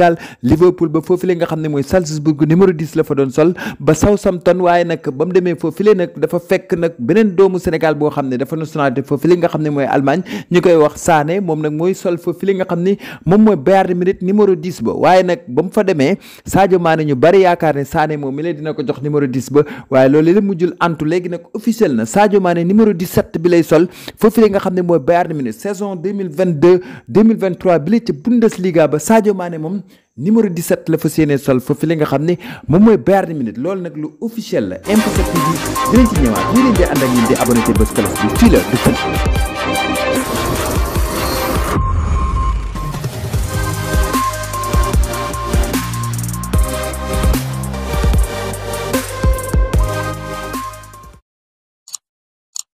Sénégal Liverpool ba foofule nga xam ne mooy Salzburg numéro 10 la fa doon sol ba Southampton waaye nag ba mu demee foofule nag dafa fekk nag beneen doomu Sénégal boo xam ne dafa nationalité foofule nga xam ne moom mooy sol foofule nga xam ni nag ba mu fa demee Sadio Mané ñu bari yaakaar ne Sané lee dina ko jox numéro 10 ba mujjul antu léegi nag officiel na Sadio Mané numéro bi lay sol foofule nga xam ne mooy Bayern Munich saison am di 17 la fa séenee sol foofu li nga xam ne moom mooy Bayern Munich loolu nag lu officiel la Imperfect TV dinañ ci ñëwaat ñu leen di ànd ak ñun di abonné te bés cloche fii la du fen